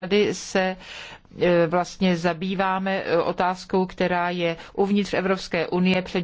tady se e, vlastně zabýváme e, otázkou, která je uvnitř Evropské unie před